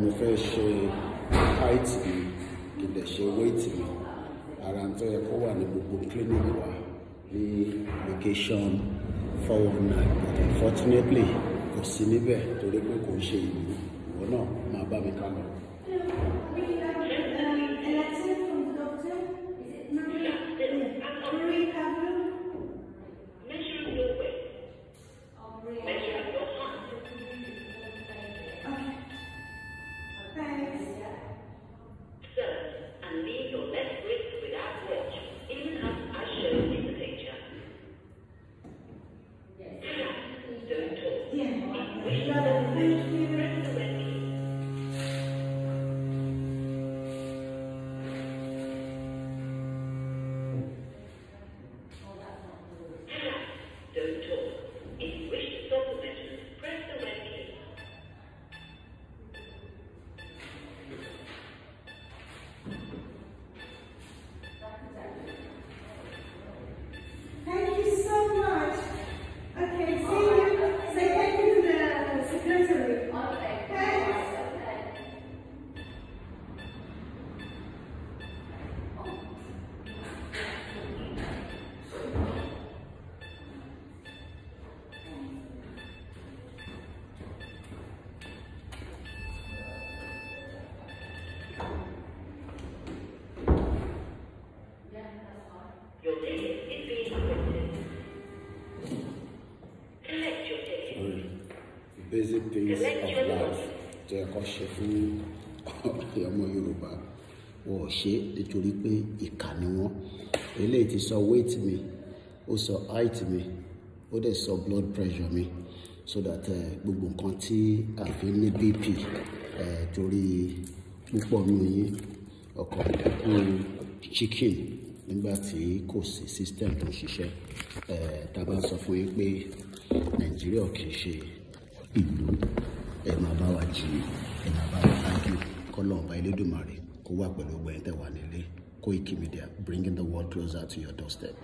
mo fẹ́ ṣe height mi kí n lè ṣe weight mi ara tó yẹ kó wà ní gbogbo clinic wa ní location four one oh nine but unfortunately kò sí níbẹ̀ torí pé kò ń ṣe ìlú ìwọ náà máa bá mi ká basic things of life tó yẹ kó ṣe fún ọmọ yorùbá wọn ò ṣe nítorí pé ìkà ni wọn eléyìí ti sọ weight mi ó sọ height mi ó dẹ̀ sọ blood pressure mi so that eh, gbogbo nǹkan tí a fi ní bp eh, torí púpọ̀ nù yín ọkọ̀ kún chicken nígbà tí kò sí system tó ṣiṣẹ́ tá a sọ fún yín pé nàìjíríà kì í ṣe ìlú ẹ máa bá wa jí ẹ máa bá wa ágì kọ́lọ́ ọba elédùnmarè kó wà pẹ̀lú ọgbà ẹ̀ńtẹ̀wà nílé Koiki Media bringing the world closer to your doorstep.